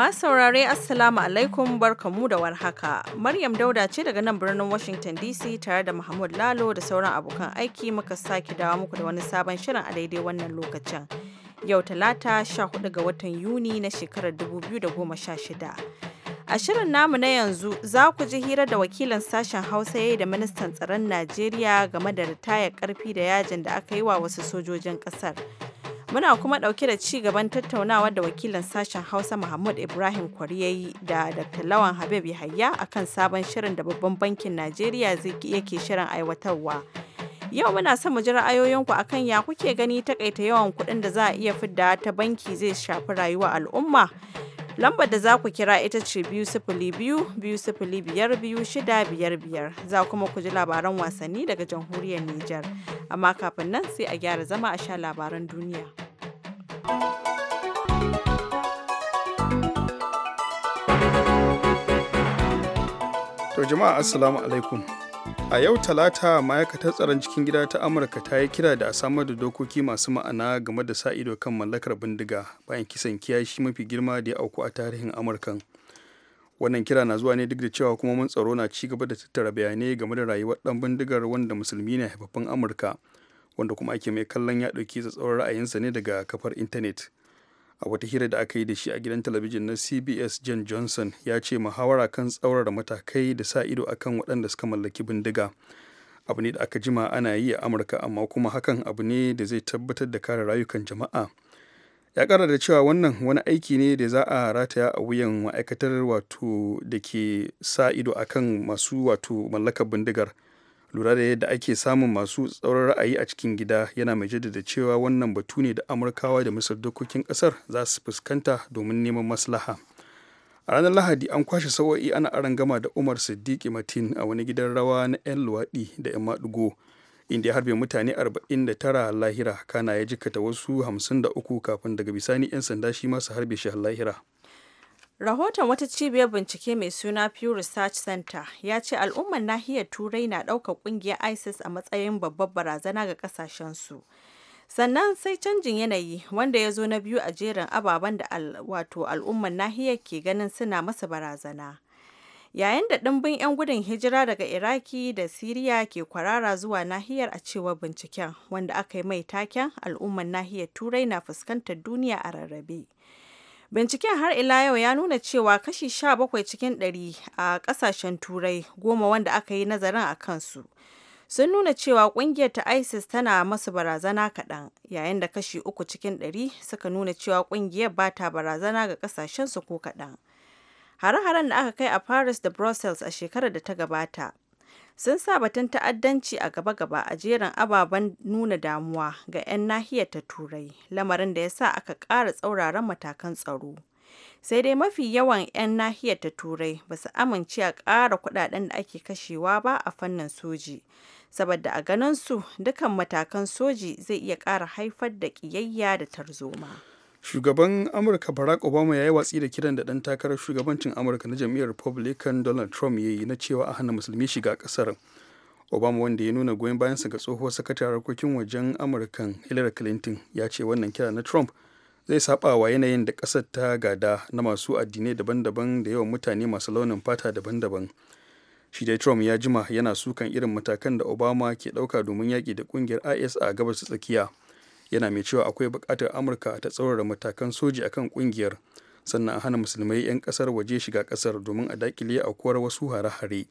Ma saurare Assalamu alaikum barkamu da warhaka. Maryam Dauda ce daga nan birnin Washington DC tare da Mahmud Lalo da sauran abokan aiki muka sake dawo muku da wani sabon shirin a daidai wannan lokacin. Yau Talata 14 ga watan Yuni na shekarar 2016. A shirin namu na yanzu za ku ji hira da wakilan sashen Hausa yayi da ministan tsaron Najeriya game da ritaya karfi da yajin da aka yi wa wasu sojojin kasar. Muna kuma ɗauke da ci gaban tattaunawa da wakilin sashen Hausa Muhammad Ibrahim Kwariyayi da Dr. Lawan Habib Yahaya akan sabon shirin da Babban Bankin Najeriya zai yake shirin aiwatarwa. Yau muna son mu ji ra'ayoyinku akan ya kuke gani takaita yawan kuɗin da za a iya fidda ta banki zai shafi rayuwar al'umma. Lambar da za ku kira ita ce biyu sifili biyu biyu sifili biyar biyu shida biyar biyar. Za kuma ku ji labaran wasanni daga jamhuriyar Nijar. Amma kafin nan sai a gyara zama a sha labaran duniya. To jama'a assalamu alaikum. a yau talata ma'aikatar tsaron cikin gida ta amurka ta yi kira da a samar da dokoki masu ma'ana game da sa ido kan mallakar bindiga bayan kisan kiyashi mafi girma da ya auku a tarihin amurkan wannan kira na zuwa ne duk da cewa kuma mun tsaro na ci gaba da tattara bayanai game da rayuwar dan bindigar wanda musulmi ne haifafin amurka wanda kuma ake mai kallon ya ɗauki tsatsauran ra'ayinsa ne daga kafar intanet a wata hira da aka yi da shi a gidan talabijin na cbs john johnson ya ce muhawara kan tsaurara matakai da sa ido a kan waɗanda suka mallaki bindiga abu ne da aka jima ana yi a amurka amma kuma hakan abu ne da zai tabbatar da kare rayukan jama'a ya kara da cewa wannan wani aiki ne da za a rataya a wuyan ma'aikatar wato da ke sa ido akan masu wato mallakar bindigar lura da yadda ake samun masu tsaurar ra'ayi a cikin gida yana mai jaddada cewa wannan batu ne da amurkawa da misar dokokin kasar za su fuskanta domin neman maslaha a ranar lahadi an kwashe sawa'i ana aron gama da umar sadiq matin a wani gidan rawa na 'yan luwaɗi da 'yan maɗigo inda ya harbe mutane 49 lahira kana ya jikkata wasu 53 kafin daga bisani 'yan sanda shi masu harbe shi lahira Rahoton wata cibiyar bincike mai suna Pew Research Center ya ce al'ummar nahiyar Turai na ɗaukar ƙungiyar ISIS a matsayin babbar barazana ga ƙasashensu. Sannan sai canjin yanayi wanda ya zo na biyu a jerin ababen da wato al'ummar nahiyar ke ganin suna masa barazana. Yayin da ɗimbin 'yan gudun hijira daga Iraki da Siriya ke kwarara zuwa nahiyar a cewar binciken wanda aka yi mai taken al'ummar nahiyar Turai na fuskantar duniya a rarrabe. Binciken har ila yau ya nuna cewa kashi 17 cikin 100 a kasashen Turai goma wanda aka yi nazarin a kansu sun nuna cewa kungiyar ta ISIS tana masu barazana kaɗan yayin da kashi 3 cikin 100 suka nuna cewa kungiyar ba ta barazana ga kasashensu ko kaɗan. Hare-haren da aka kai a Paris da Brussels a shekarar da ta gabata sun sa batun ta'addanci a gaba-gaba a jerin ababen nuna damuwa ga 'yan nahiyar ta turai lamarin da ya sa aka ƙara tsauraran matakan tsaro sai dai mafi yawan 'yan nahiyar ta turai ba su amince a ƙara kudaden da ake kashewa ba a fannin soji saboda a ganin su dukan matakan soji zai iya ƙara haifar da ƙiyayya da tarzoma shugaban amurka barack obama ya yi watsi da kiran da ɗan takarar shugabancin amurka na jam'iyyar republican donald trump ya yi na cewa a hana musulmi shiga kasar obama wanda ya nuna goyon bayansa ga tsohuwar sakataren harkokin wajen amurkan hillary clinton ya ce wannan kira na trump zai saba wa yanayin da ƙasar ta gada na masu addinai daban-daban da yawan mutane masu launin fata daban-daban shi dai trump ya jima yana sukan irin matakan da obama ke ɗauka domin yaki da ƙungiyar is a gabas tsakiya yana mai cewa akwai buƙatar amurka ta tsaurara matakan soji akan ƙungiyar sannan a hana musulmai 'yan ƙasar waje shiga ƙasar domin a dakile a aukuwar wasu hare-hare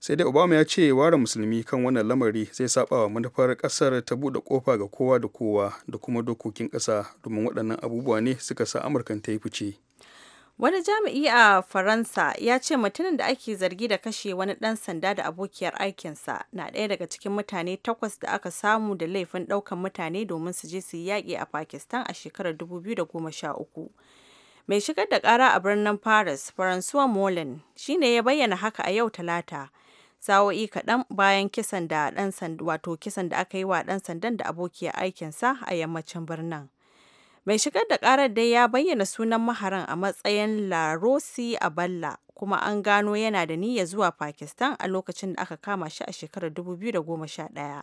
sai dai obama ya ce ware musulmi kan wannan lamari zai saba wa manufar ƙasar ta buɗe kofa ga kowa da kowa da kuma dokokin ƙasa domin waɗannan abubuwa ne suka sa amurkan ta yi fice Wani jami'i a Faransa ya ce mutumin da ake zargi da kashe wani ɗan sanda da abokiyar aikinsa na ɗaya daga cikin mutane takwas da aka samu da laifin ɗaukan mutane domin su je su yi yaƙi a Pakistan a shekarar 2013. Mai shigar da ƙara a birnin Paris, François Molin, shi ne ya bayyana haka a yau Talata, sa'o'i kaɗan bayan kisan da ɗan wato kisan da aka yi wa ɗan sandan da abokiyar aikinsa a yammacin birnin. Mai shigar da karar dai ya bayyana sunan maharan a matsayin La Rossi-Aballa kuma an gano yana da niyya zuwa Pakistan a lokacin da aka kama shi a shekarar 2011.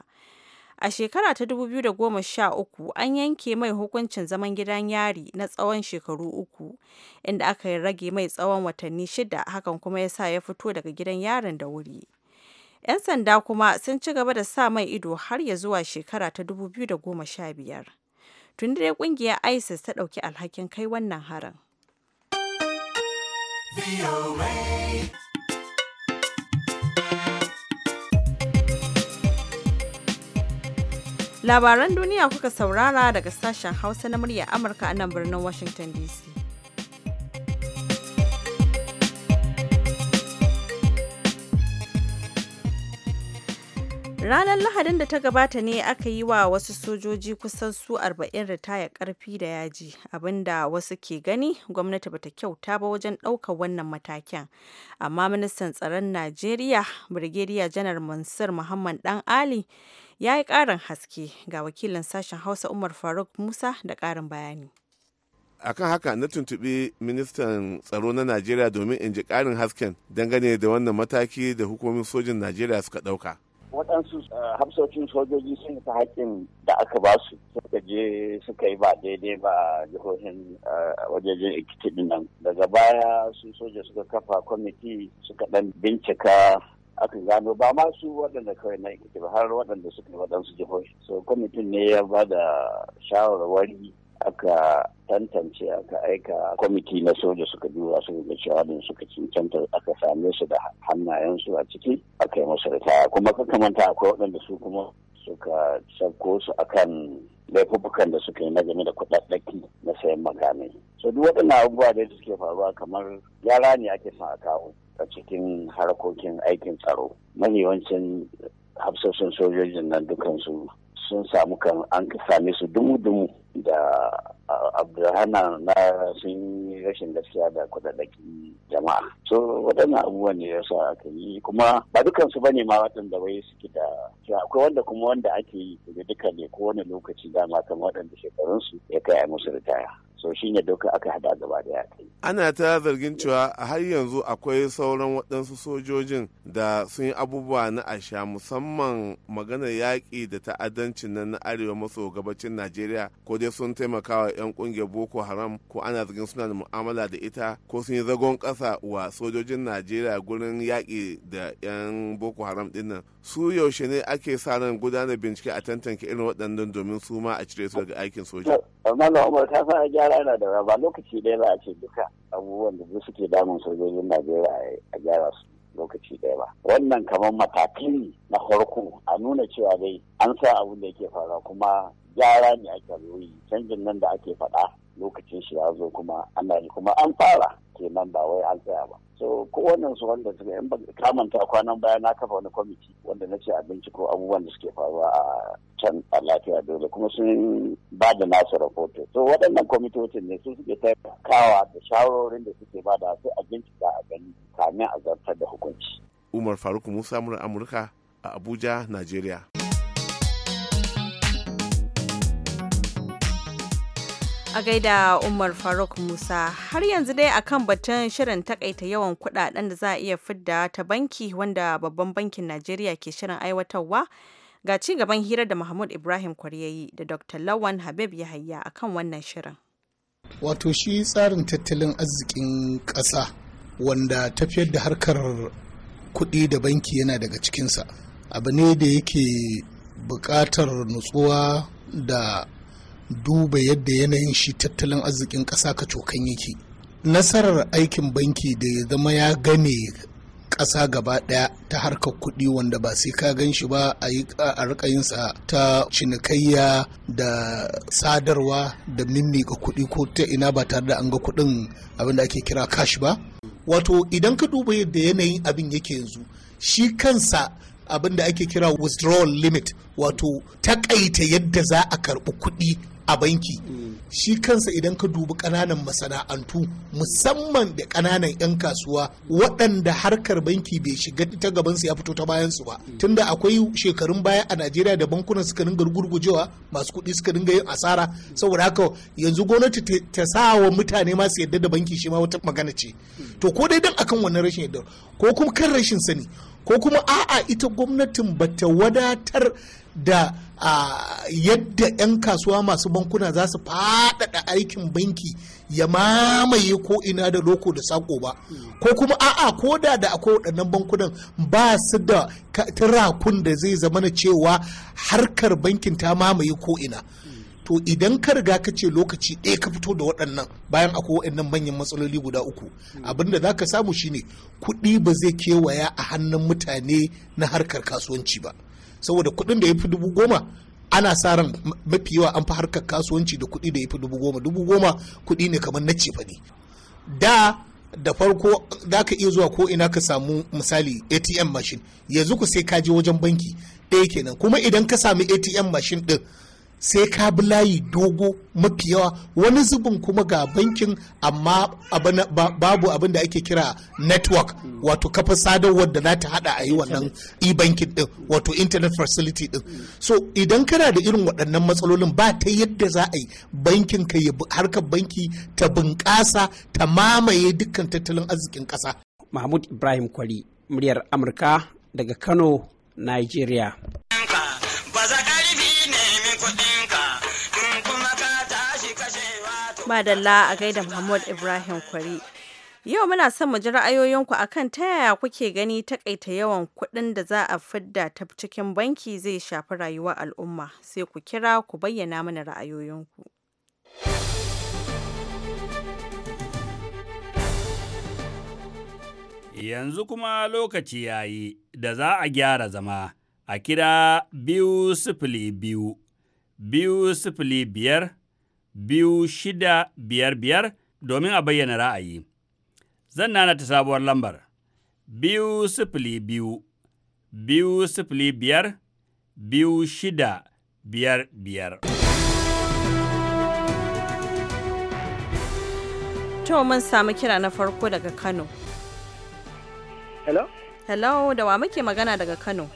A shekara ta 2013 an yanke mai hukuncin zaman gidan yari na tsawon shekaru uku, inda aka rage mai tsawon watanni shida hakan kuma ya sa ya fito daga gidan yarin da wuri. 'Yan sanda kuma sun ci gaba da sa mai ido har ya zuwa shekara ta 2015. tun dai kungiyar isis ta ɗauki alhakin kai wannan harin labaran duniya kuka saurara daga sashen hausa na murya amurka a nan birnin washington dc Ranar Lahadin da ta gabata ne aka yi wa wasu sojoji kusan su 40 ritaya karfi da yaji, abinda wasu ke gani gwamnati bata kyauta ba wajen ɗaukar wannan mataken Amma ministan tsaron Najeriya, Brigadier Janar Mansur Muhammad Dan Ali, ya yi ƙarin haske ga wakilin sashen Hausa Umar Faruk Musa da ƙarin bayani. akan haka na tuntuɓi ministan tsaro na najeriya domin in ji ƙarin hasken dangane da wannan mataki da hukumomin sojin najeriya suka ɗauka waɗansu eh, hafsocin sojoji sun ta haƙƙin da aka ba su suka je suka yi ba daidai ba jihohin eh, wajejen ikiti nan daga baya su soja suka kafa kwamiti suka ɗan bincika aka gano ba ma su waɗanda kawai na ikiti ba har waɗanda suka yi waɗansu jihohi so kwamitin ne ya ba da shawarwari aka tantance aka aika kwamiti na soja suka duba su ga cewa din suka cancanta aka same su da hannayensu a ciki aka yi musu ritaya kuma kakamanta akwai waɗanda su kuma suka sauko su akan laifukan da suka yi na game da kudaddaki na sayan makamai so duk waɗannan abubuwa da suke faruwa kamar yara ne ake son a kawo a cikin harkokin aikin tsaro yawancin hafsoshin sojojin nan dukansu sun samu kan an same su dumu-dumu da abdulhana na sun yi rashin gaskiya da kudadaki jama'a so waɗannan abubuwan ne yasa aka yi kuma ba dukansu ba ne ma waɗanda wai suke da akwai wanda kuma wanda ake yi duka ne ko wani lokaci dama kan waɗanda shekarunsu ya kai a musu ritaya so shine doka aka hada gaba da kai ana ta zargin cewa har yanzu akwai sauran waɗansu sojojin da sun yi abubuwa na asha musamman maganar yaƙi da ta'addanci nan na arewa maso gabacin najeriya ko dai sun taimaka wa 'yan ƙungiyar boko haram ko ana zargin suna da mu'amala da ita ko sun yi zagon ƙasa wa sojojin najeriya gurin yaƙi da 'yan boko haram ɗinnan su yaushe ne ake sa ran gudanar bincike a tantance irin waɗannan domin su ma a cire su daga aikin soja. Malam Umar ta fara gyara gyara yana da ba lokaci ɗaya ba a ce duka abubuwan da suke damun sojojin najeriya a gyara su lokaci ɗaya ba wannan kamar matakai na farko a nuna cewa dai an sa abun da yake fara kuma gyara ne ake yi canjin nan da ake faɗa lokacin shi ya zo kuma ana yi kuma an fara kenan ba wai an tsaya ba so kowannen su wanda suka in kamanta kwanan baya na kafa wani kwamiti wanda na ce a binciko abubuwan da suke faruwa a can a lafiya dole kuma sun ba da nasu rahoto to waɗannan kwamitocin ne su suke taimakawa da shawarorin da suke ba da su a bincika a gani kamin a zartar da hukunci umar faruk musa mura amurka a abuja nigeria a gaida umar faruk musa har yanzu dai akan batun shirin takaita yawan kudaden da za a iya fidda ta banki wanda babban bankin najeriya ke shirin aiwatarwa Ga ci gaban hira da Mahmud Ibrahim Kwaryayi da Dr. Lawan Habib Yahaya kan wannan shirin. Wato shi tsarin tattalin arzikin ƙasa wanda tafiyar da harkar kuɗi da banki yana daga cikinsa. Abu ne da yake buƙatar nutsuwa da duba yadda yanayin shi tattalin arzikin ƙasa ka cokan yake. Nasarar aikin banki da ya zama ya gane. ƙasa gaba ɗaya ta harkar kuɗi wanda ba sai ka gan shi ba a a yinsa ta cinikayya da sadarwa da mimmiƙa kuɗi ko ta ina ba tare da an ga kuɗin abin da ake kira cash ba wato idan ka duba yadda yanayin abin yake yanzu shi kansa abin da ake kira withdrawal limit wato takaita yadda za a karɓi kuɗi a banki shi kansa idan ka dubi ƙananan masana'antu musamman da ƙananan 'yan kasuwa waɗanda harkar banki bai shiga ta gabansu ya fito ta bayansu ba tunda akwai shekarun baya a najeriya da bankunan suka dinga gurgujewa masu kuɗi suka dinga yin asara saboda haka yanzu gwamnati ta sa wa mutane masu yadda da banki shi ma wata magana ce to ko dai dan akan wannan rashin yadda ko kuma kan rashin sani ko kuma a'a ita gwamnatin bata wadatar da a yadda 'yan kasuwa masu bankuna za su faɗaɗa aikin banki ya mamaye ko ina da loko da sako ba ko kuma a'a ko da da akwai waɗannan bankunan ba su da turakun da zai zama na cewa harkar bankin ta mamaye ko ina to idan ka riga ka ce lokaci ɗaya ka fito da waɗannan bayan akwai waɗannan manyan matsaloli guda uku abinda za ka samu shine kuɗi ba zai kewaya a hannun mutane na harkar kasuwanci ba. saboda kuɗin da ya fi dubu goma ana sa ran mafi yawa an fi harkar kasuwanci da kuɗi da ya fi dubu goma dubu goma kuɗi ne kamar na cefane da da farko za ka iya zuwa ko ina ka samu misali atm machine yanzu ku sai ka je wajen banki ɗaya kenan kuma idan ka sami atm machine ɗin sai ka bi layi dogo mafi yawa wani zubin kuma ga bankin amma babu abin da ake kira network wato kafa sadarwar da ta hada a yi wannan e-banking din wato internet facility din so idan kana da irin waɗannan matsalolin ba ta yadda za a yi bankin ka harkar banki ta bunƙasa ta mamaye dukkan tattalin arzikin ƙasa mahmud ibrahim kwari muryar amurka daga kano nigeria Madalla a gaida Muhammad Ibrahim Kwari. Yau muna son mu ji ra'ayoyinku akan ta yaya kuke gani takaita yawan kuɗin da za a fidda ta cikin banki zai shafi rayuwar al'umma. Sai ku kira ku bayyana mana ra'ayoyinku. Yanzu kuma lokaci ya yi da za a gyara zama a kira biyu sifili biyu, biyu sifili biyar biyu shida biyar biyar domin a bayyana ra'ayi. Zan nana ta sabuwar lambar biyu sifili biyu, biyu sifili biyar, biyu shida biyar biyar. mun samu kira na farko daga Kano. Hello? Hello, da wa muke magana daga Kano?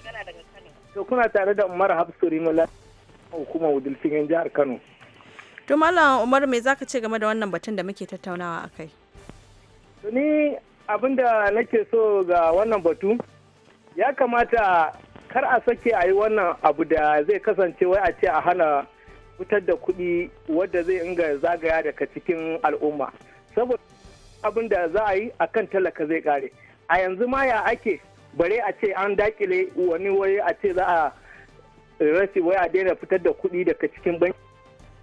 To kuna tare da Umar Hafsuri Mula, hukumar Wudulfin jihar Kano. to malam umar me zaka ce game da wannan batun da muke tattaunawa akai kai? ni abinda nake so ga wannan batu ya kamata kar a sake a yi wannan abu da zai kasance wai a ce a hana fitar da kuɗi wadda zai inga zagaya daga cikin al'umma saboda abin da za a yi a kan talaka zai kare a yanzu ma ya ake bare a ce an dakile wani wai a ce za a rasi wai a daina fitar da kuɗi daga cikin banki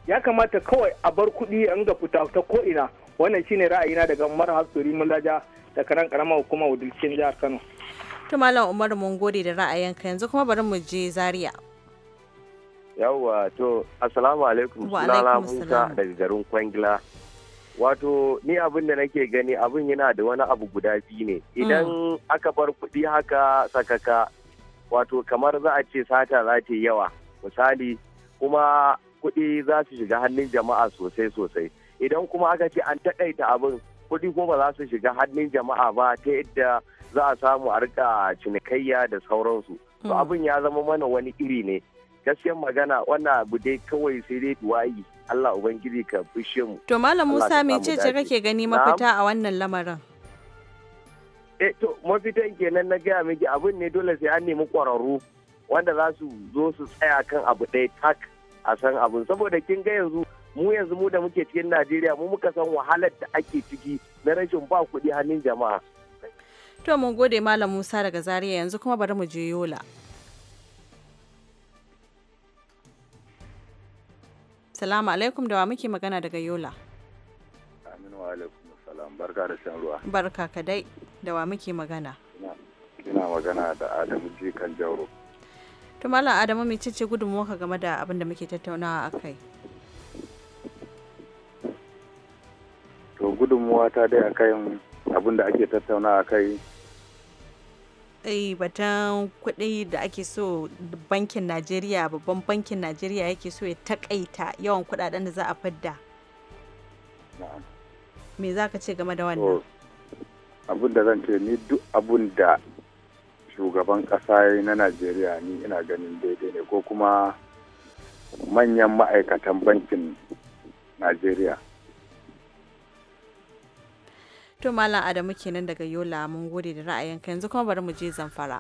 ya kamata kawai a bar kuɗi a ga fita ta ko'ina wannan shine ra'ayina daga umar hasuri mulaja da karan karama hukumar wadilcin jihar kano to malam umar mun gode da ra'ayinka yanzu kuma bari mu je zaria yawwa to assalamu alaikum sunana musa daga garin kwangila wato ni abin da nake gani abin yana da wani abu guda biyu ne mm. idan aka bar kuɗi haka sakaka wato kamar za a ce sata za ta yawa misali kuma kuɗi za su shiga hannun jama'a sosai sosai idan kuma aka ce an taƙaita abin kuɗi kuma ba za su shiga hannun jama'a ba ta yadda za a samu a rika cinikayya da sauransu to hmm. abin ya zama mana wani iri ne gaskiya magana wannan abu dai kawai sai dai duwayi Allah ubangiji ka fushe mu to malam Musa me ce kake gani mafita a wannan lamarin eh to mafitan kenan na gaya miki abin ne dole sai an nemi kwararru wanda za su zo su tsaya kan abu ɗaya tak a san abin saboda kin ga yanzu mu yanzu mu da muke cikin najeriya mu muka san wahalar da ake ciki na rashin ba kuɗi hannun jama'a to mun gode malam musa daga zaria yanzu kuma bari mu je yola salamu alaikum da wa muke magana daga yola aminu wa alaikum salam barka da shan ruwa barka kadai da wa muke magana ina magana da adamu jikan jauro to malam adamu mai cece gudunmuwa game da abin da muke tattaunawa a kai to gudunmuwa ta dai a kan abin da ake tattaunawa a kai eh, batun kuɗi da ake so bankin najeriya babban bankin najeriya yake so ya takaita yawan kuɗaɗen da za a fidda me za ka ce game da wannan abin da zan ce ni duk abin da shugaban ƙasa na najeriya ni ina ganin daidai ne ko kuma manyan ma'aikatan bankin najeriya to malam adamu kenan daga yola mun gode da ra'ayinka yanzu kuma bari mu je zamfara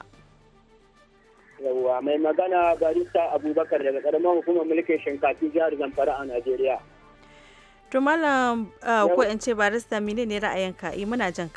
yawwa mai magana barista abubakar daga karamar hukumar mulkin shinkafi jihar zamfara a najeriya to malam uh, ko in ce barista menene ne ra'ayinka yi eh, muna jan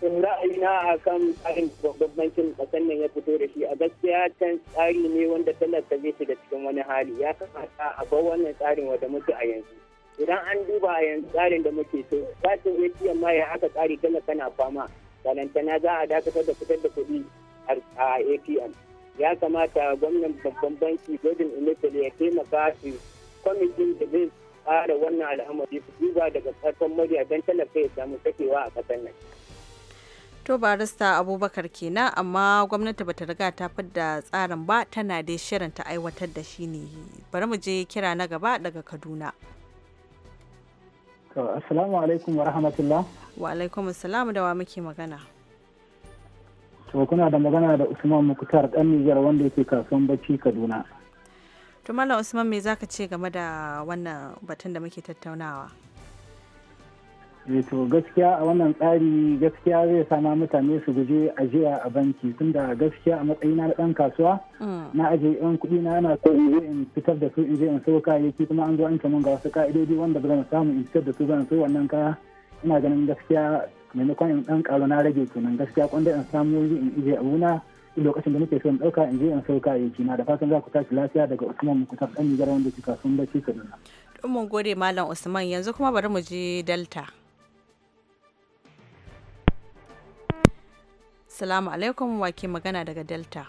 ra'ayina a kan tsarin gwamnatin kasan nan ya fito da shi a gaskiya can tsari ne wanda talaka zai shiga cikin wani hali ya kamata a bar wannan tsarin wanda muke a yanzu idan an duba a yanzu tsarin da muke so satin atm ma ya haka tsari talaka na fama balantana za a dakatar da fitar da kuɗi a atm ya kamata gwamnan babban banki gwajin emefiele ya taimaka su kwamitin da zai tsara wannan al'amari su duba daga ƙarfin murya don talaka ya samu sakewa a ƙasar nan. To barista Abubakar kenan amma gwamnati bata riga ta fidda tsarin ba tana dai shirin ta aiwatar da shi ne. Bari mu je kira na gaba daga Kaduna. Assalamu alaikum wa rahmatullah. Wa alaikum assalam da wa muke magana. To kuna da magana da Usman Mukhtar dan Nijar wanda yake kasuwan bacci Kaduna. To Malam Usman me zaka ce game da wannan batun da muke tattaunawa? Eh, to gaskiya a wannan tsari gaskiya zai sama mutane su guje ajiya a banki tunda gaskiya a matsayina na dan kasuwa mm. na aje yan kuɗi na ana so in je fitar da su in je in kayayyaki kuma an zo an kamun ga wasu ka'idodi wanda ba zan samu in fitar da su zan wannan kaya ina ganin gaskiya maimakon in dan karo na rage tunan gaskiya kwanda in samu wuri in ije abuna lokacin da nake so in dauka in je in sayo kayayyaki na da fatan za ku tashi lafiya daga Usman Mukutar dan gara wanda kika sun Kaduna. Mun gode Malam Usman yanzu kuma bari mu je Delta. Assalamu alaikum wake magana daga Delta.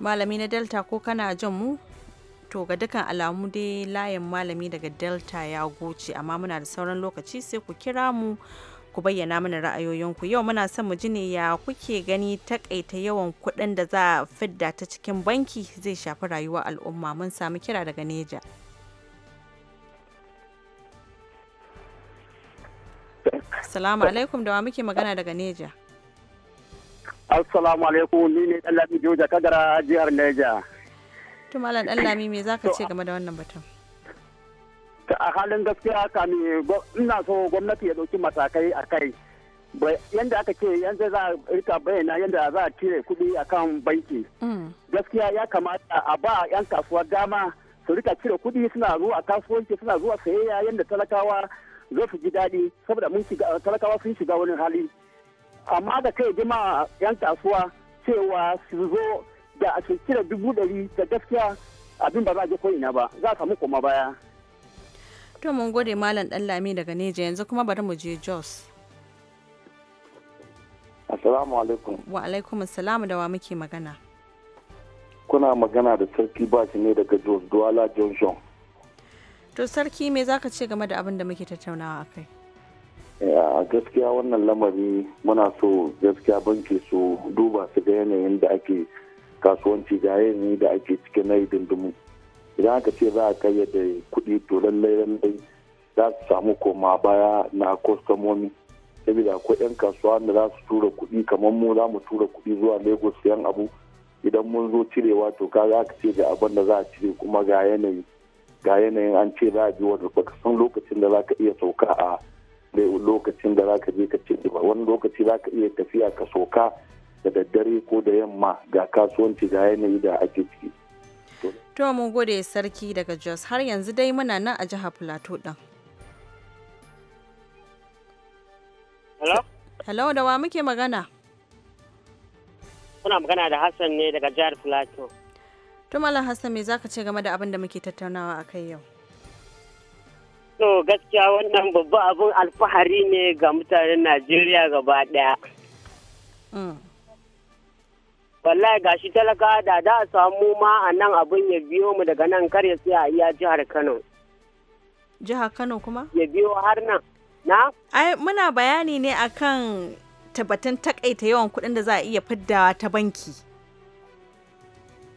Malami na Delta ko kana jin mu? To ga dukan alamu dai layin malami daga Delta ya goce amma muna da sauran lokaci sai ku kira mu ku bayyana mana ra'ayoyinku yau muna son mu ji ne ya kuke gani takaita yawan kuɗin da za a fidda ta cikin banki zai shafi rayuwar al'umma mun samu kira daga Neja. Salamu alaikum da wa muke magana daga Neja. Assalamu alaikum ni ne dan Joja Kagara jihar Neja. Tumalan malam dan Lami me zaka ce game da wannan batun? a halin gaskiya kami ina so gwamnati ya dauki matakai a kai yanda aka ce yanzu za a rika bayyana yanda za a cire kuɗi a kan banki mm. gaskiya ya kamata a ba 'yan kasuwa dama su rika cire kuɗi suna zuwa kasuwanci suna zuwa sayayya yanda talakawa za su ji daɗi saboda mun shiga talakawa sun shiga wani hali amma da kai jama'a yan kasuwa cewa su zo da a shekira dubu ɗari da gaskiya abin ba za a je ko'ina ba za a samu koma baya. To mun gode Malam Ɗanlami daga Neja yanzu kuma bari mu je Jos. Assalamu alaikum. Wa alaikum assalamu da wa muke magana. Kuna magana da sarki bashi ne daga Jos Duwala Junction. to sarki me zaka ce game da abin da muke tattaunawa a kai a gaskiya wannan lamari muna so gaskiya banki su duba su ga yanayin da ake kasuwanci ga yanayin da ake cikin na dindimu idan aka ce za a da kuɗi to lallai lallai za su samu koma baya na kwastomomi saboda akwai 'yan kasuwa da za su tura kuɗi kamar mu za mu tura kuɗi zuwa lagos yan abu idan mun zo cirewa to za aka ce ga abin da za a cire kuma ga yanayi ga yanayin an ce za a ji baka san lokacin da za ka iya sauka a lokacin da za ka je ka ce ba wani lokaci za ka iya tafiya ka sauka da daddare ko da yamma ga kasuwanci ga yanayi da ake ciki. To mun gode sarki daga Jos har yanzu dai muna nan a jihar Plateau ɗin. Hello? Hello da wa muke magana? Kuna magana da Hassan ne daga jihar Plateau. To Malam Hassan me zaka ce game da abin da muke tattaunawa a kai yau? To gaskiya wannan babban abin alfahari ne ga mutanen Najeriya gaba ɗaya. Mm. wallahi gashi talaka da da samu ma a nan abin ya biyo mu daga nan kar ya tsaya iya jihar Kano. Jihar Kano kuma? Ya biyo har nan. Na? Ai muna bayani ne akan tabbatan takaita yawan kuɗin da za a iya fiddawa ta banki.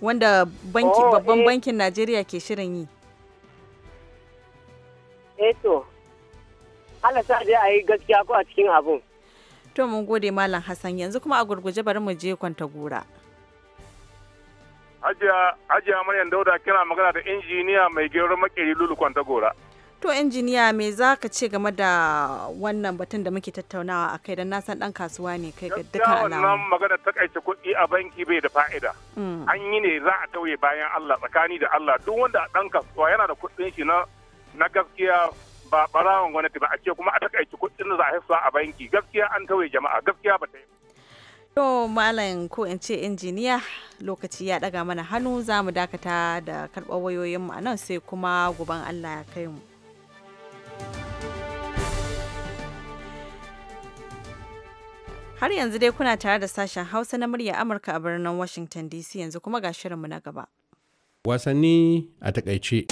wanda oh, babban eh. bankin Najeriya ke shirin yi. Eto, eh Allah sa dai a yi gaskiya ko a cikin abun. To mun gode Malam Hassan yanzu kuma a gurguje bari mu je kwanta gura. Hajiya Maryam Dauda kina magana da injiniya mai gero makeri Lulu Kwantagora. To injiniya me za ka ce game da wannan batun da muke tattaunawa a kai don na san dan kasuwa ne kai ga dukkan alamu. wannan magana ta kaice kuɗi a banki bai da fa'ida. Hmm. An yi ne za a tauye bayan Allah tsakani da Allah duk wanda dan kasuwa yana da kuɗin shi na na gaskiya ba barawan gwamnati ba a ce kuma a ta takaice kuɗin da za a a banki gaskiya an tauye jama'a gaskiya ba ta yi. To malam ko in ce injiniya lokaci ya daga mana hannu za mu dakata da karɓar wayoyinmu a nan sai kuma guban Allah ya kai mu. Har yanzu dai kuna tare da sashen Hausa na murya Amurka a birnin Washington DC yanzu kuma ga shirinmu na gaba. Wasanni a takaice.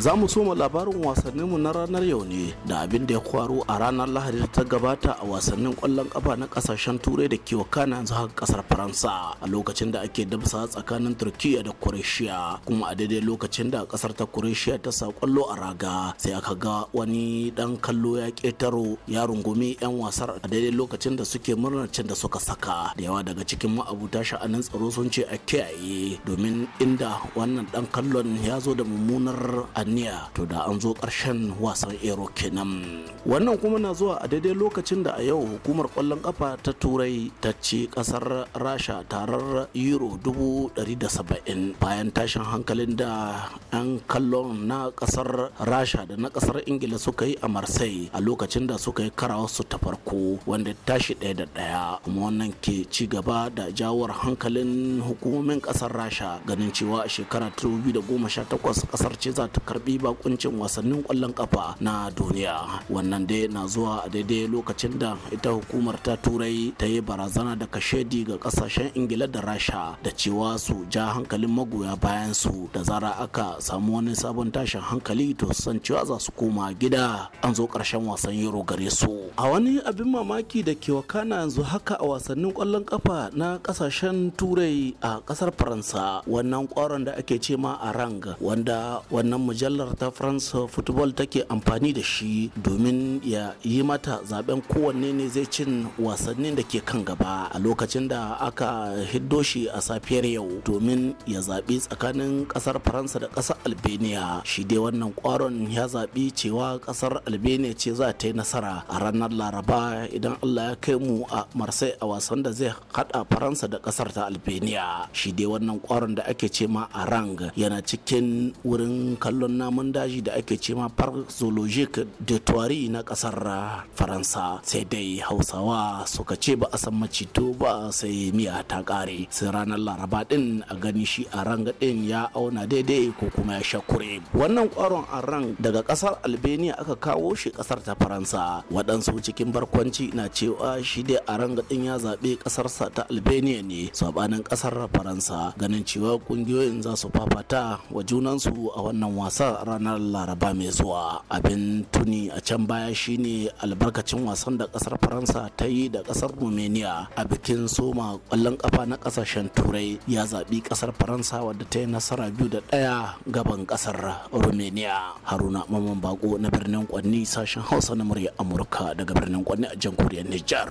za mu soma labarin wasanninmu na ranar yau ne da abin da ya kwaro a ranar lahadi da ta gabata a wasannin kwallon kafa na kasashen turai da ke wakana yanzu haka kasar faransa a lokacin da ake dabsa tsakanin turkiya da Kur'ishiya, kuma a daidai lokacin da kasar ta Kur'ishiya ta sa kwallo a raga sai aka ga wani dan kallo ya ketaro ya rungumi yan wasar a daidai lokacin da suke murnar cin da suka saka da yawa daga cikin ma'abuta sha'anin tsaro sun ce a kiyaye domin inda wannan dan kallon ya zo da mummunar birtaniya to da an zo ƙarshen wasan ero kenan wannan kuma na zuwa a daidai lokacin da a yau hukumar kwallon kafa ta turai ta ci ƙasar rasha tarar euro 170 bayan tashin hankalin da 'yan kallon na ƙasar rasha da na ƙasar ingila suka yi a marseille a lokacin da suka yi su ta farko wanda tashi ɗaya da ɗaya kuma wannan ke ci gaba da jawar hankalin hukumomin ƙasar rasha ganin cewa a shekara 2018 ƙasar ce za ta karbi karbi bakuncin wasannin kwallon kafa na duniya wannan dai na zuwa a daidai lokacin da ita hukumar ta turai ta yi barazana da kashedi ga kasashen ingila da rasha da cewa su ja hankalin magoya bayan su da zara aka samu wani sabon tashin hankali to san cewa za su koma gida an zo karshen wasan euro gare su a wani abin mamaki da ke wakana yanzu haka a wasannin kwallon kafa na kasashen turai a kasar faransa wannan kwaron da ake ce ma a rang wanda wannan mujallar mujallar ta France Football take amfani da shi domin ya yi mata zaben kowanne ne zai cin wasannin da ke kan gaba a lokacin da aka hiddo shi a safiyar yau domin ya zaɓi tsakanin ƙasar Faransa da ƙasar Albania. Shi dai wannan kwaron ya zaɓi cewa ƙasar Albania ce za ta yi nasara a ranar Laraba idan Allah ya kai mu a Marseille a wasan da zai haɗa Faransa da ƙasar ta Albania. Shi dai wannan kwaron da ake ce ma a Rang yana cikin wurin kallon namun daji da ake ce ma park zoologique de tuari na kasar ah, faransa sai dai hausawa suka ce ba a san macito ba sai miya ta kare sai ranar laraba din a gani shi a ranga din ya auna daidai ko kuma ya shakure wannan kwaron ran daga kasar albania aka kawo shi kasar ta faransa waɗansu cikin barkwanci na cewa shi dai a ranga din ya zaɓe kasarsa ta albania ne sabanin kasar faransa ganin cewa ƙungiyoyin za su fafata wa junansu a wannan wasan. ranar laraba mai zuwa abin tuni a can baya shine albarkacin wasan da kasar faransa ta yi da kasar romania a bikin soma kwallon kafa na kasashen turai ya zaɓi kasar faransa wadda ta yi nasara biyu da ɗaya gaban kasar romania haruna maman bako na birnin kwanni sashen hausa na murya amurka daga birnin kwanni a jamhuriyar nijar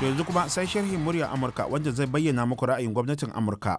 yanzu kuma sai sharhin murya amurka wanda zai bayyana muku ra'ayin gwamnatin amurka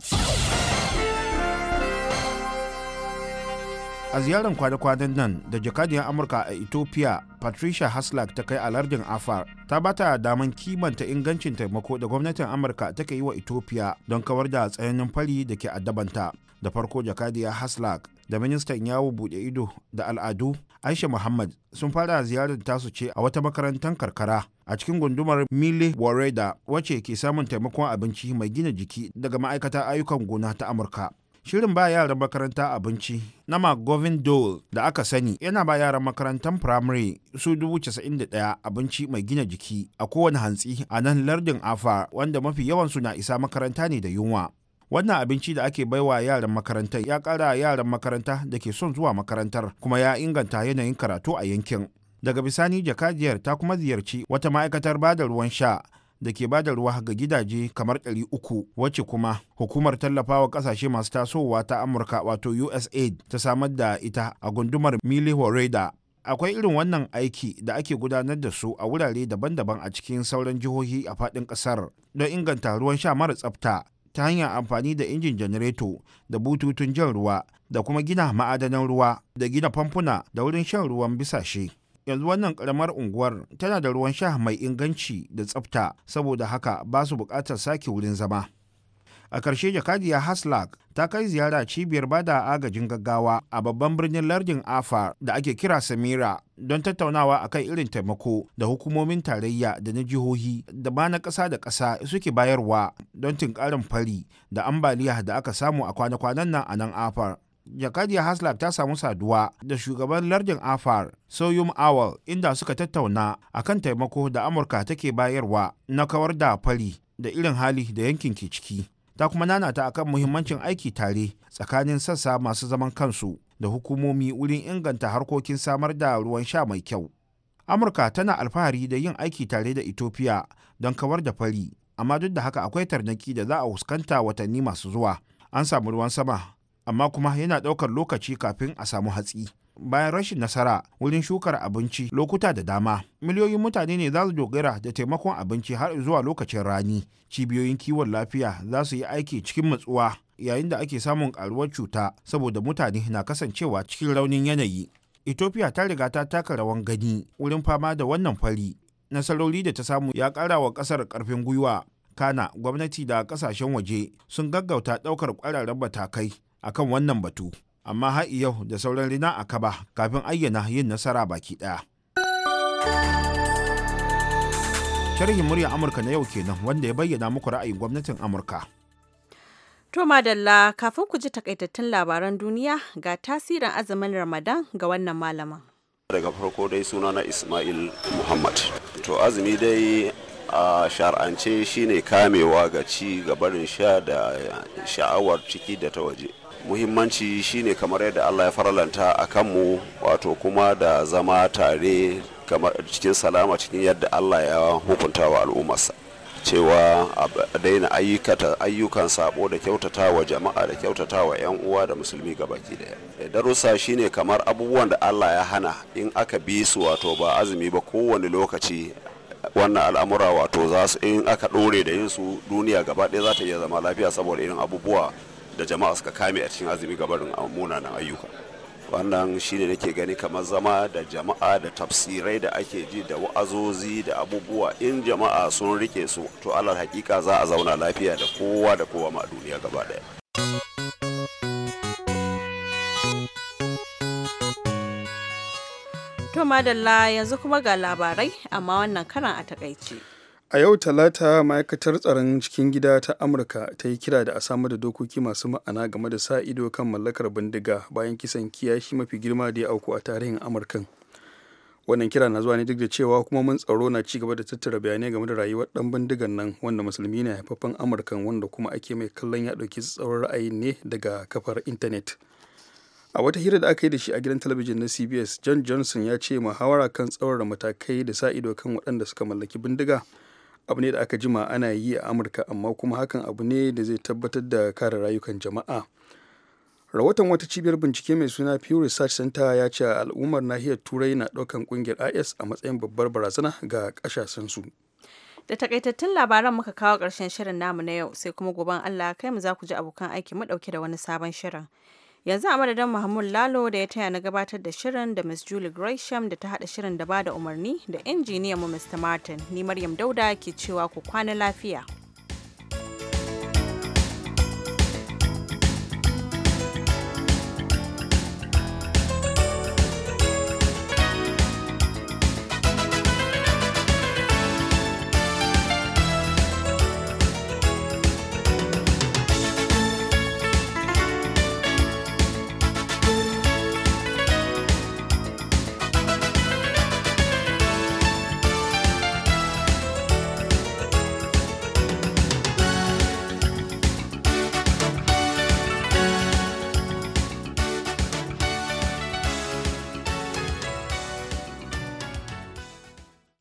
a ziyarar kwana-kwanan nan da jakadiyar amurka a ethiopia patricia haslak ta kai a lardin afar ta bata daman kimanta ingancin taimako da gwamnatin amurka take yi wa ethiopia don kawar da tsananin fari da ke addabanta da farko jakadiyar haslak da ministan yawo bude ido da al'adu aisha muhammad sun fara ziyarar tasu ce a wata makarantar karkara a cikin gundumar mile wareda wacce ke samun taimakon abinci mai gina jiki daga ma'aikatar ayyukan gona ta amurka Shirin ba yaran makaranta abinci na McGovern Dole da aka sani yana ba yaran makarantar primary su 91 abinci mai gina jiki a kowane hantsi a nan lardin Afa wanda mafi yawansu na isa makaranta ne da yunwa. Wannan abinci da ake baiwa yaran makarantar ya ƙara yaran makaranta da ke son zuwa makarantar kuma ya inganta yanayin karatu a yankin. Daga bisani jakajiyar ta kuma ziyarci wata ma'aikatar bada ruwan sha da ke bada ruwa ga gidaje kamar 300 wacce kuma hukumar tallafawa kasashe masu tasowa ta amurka wato usaid ta samar da ita a gundumar mili horeda akwai irin wannan aiki da ake gudanar da su a wurare daban-daban a cikin sauran jihohi a faɗin ƙasar don inganta ruwan sha mara tsafta ta hanyar amfani da injin janareto da bututun jan ruwa da kuma gina ma'adanan ruwa da gina famfuna da wurin shan ruwan bisashe. yanzu wannan karamar unguwar tana da ruwan sha mai inganci da tsafta saboda haka ba su buƙatar sake wurin zama a ƙarshe jakadiya haslak ta kai ziyara cibiyar bada agajin gaggawa a babban birnin lardin afar da ake kira samira don tattaunawa a akan irin taimako da hukumomin tarayya da na jihohi da ba na ƙasa da ƙasa suke bayarwa don tunkarin fari da ambaliya da aka samu a kwana-kwanan nan a nan afar jakadiya haslab ta samu saduwa da shugaban lardin afar soyum awal inda suka tattauna a kan taimako da amurka take bayarwa na kawar da fari da irin hali da yankin ke ciki ta kuma nanata akan muhimmancin aiki tare tsakanin sassa masu zaman kansu da hukumomi wurin inganta harkokin samar da ruwan sha mai kyau amurka tana alfahari da yin aiki tare da ethiopia don kawar da fari amma duk da haka akwai tarnaki da za a fuskanta watanni masu zuwa an samu ruwan sama amma kuma yana ɗaukar lokaci kafin a samu hatsi. Bayan rashin nasara wurin shukar abinci lokuta da dama, miliyoyin mutane ne za su dogara da taimakon abinci har zuwa lokacin rani. Cibiyoyin kiwon lafiya za su yi aiki cikin matsuwa yayin da ake samun karuwar cuta saboda mutane na kasancewa cikin raunin yanayi. Ethiopia ta riga ta taka rawan gani wurin fama da wannan fari. Nasarori da ta samu ya ƙara wa ƙasar ƙarfin gwiwa. Kana gwamnati da ƙasashen waje sun gaggauta ɗaukar ƙwararren matakai akan wannan batu amma har yau da sauran rina a kaba kafin ayyana yin nasara baki ɗaya. sharhin murya amurka na yau kenan wanda ya bayyana muku ra'ayin gwamnatin amurka to madalla kafin ku ji takaitattun labaran duniya ga tasirin azumin ramadan ga wannan malamin daga farko dai suna na ismail muhammad to azumi dai a shar'ance shine kamewa ga ci gabarin sha da sha'awar ciki da ta waje muhimmanci shine kamar yadda allah ya faralanta a kanmu wato kuma da zama tare cikin salama cikin yadda allah ya hukunta wa al'ummarsa cewa a daina ayyukan sabo da kyautata wa jama'a da kyautata wa 'yan uwa da musulmi baki daya eh, darussa shine kamar abubuwan da allah ya hana in aka bi su wato ba azumi ba kowane lokaci wannan al'amura wato za su in aka dore da yin su duniya gaba ɗaya za ta iya zama lafiya saboda irin abubuwa da jama'a suka kame a cikin azumi ga barin munanan ayyuka wannan shine nake gani kamar zama da jama'a da tafsirai da ake ji da wa'azozi da abubuwa in jama'a sun rike su to alal hakika za a zauna lafiya da kowa da kowa ma duniya gaba daya To madalla yanzu kuma ga labarai amma wannan karan a takaice. a yau talata ma'aikatar tsaron cikin gida ta amurka ta yi kira da a samar da dokoki masu ma'ana game da sa ido kan mallakar bindiga bayan kisan kiyashi mafi girma da ya auku a tarihin amurkan wannan kira na zuwa ne duk da cewa kuma mun tsaro na ci gaba da tattara bayanai game da rayuwar dan bindigan nan wanda musulmi ne haifaffen amurkan wanda kuma ake mai kallon ya ɗauki tsawon ra'ayi ne daga kafar intanet a wata hira da aka yi da shi a gidan talabijin na cbs john johnson ya ce muhawara kan tsawon matakai da sa ido kan waɗanda suka mallaki bindiga abu ne da aka jima ana yi a amurka amma kuma hakan abu ne da zai tabbatar da kare rayukan jama'a rahoton wata cibiyar bincike mai suna pew research center ya ce al'ummar nahiyar turai na ɗaukan ƙungiyar is a matsayin babbar barazana ga su. da takaitattun labaran muka kawo ƙarshen shirin namu na yau sai kuma goben allah kai mu za ku ji abokan aiki mu ɗauke da wani sabon shirin yanzu a madadin mahmud lalo da ya taya na gabatar da shirin da miss julie gresham da ta hada shirin da ba da umarni da injiniyan mu mr martin ni maryam dauda ke cewa ku kwana lafiya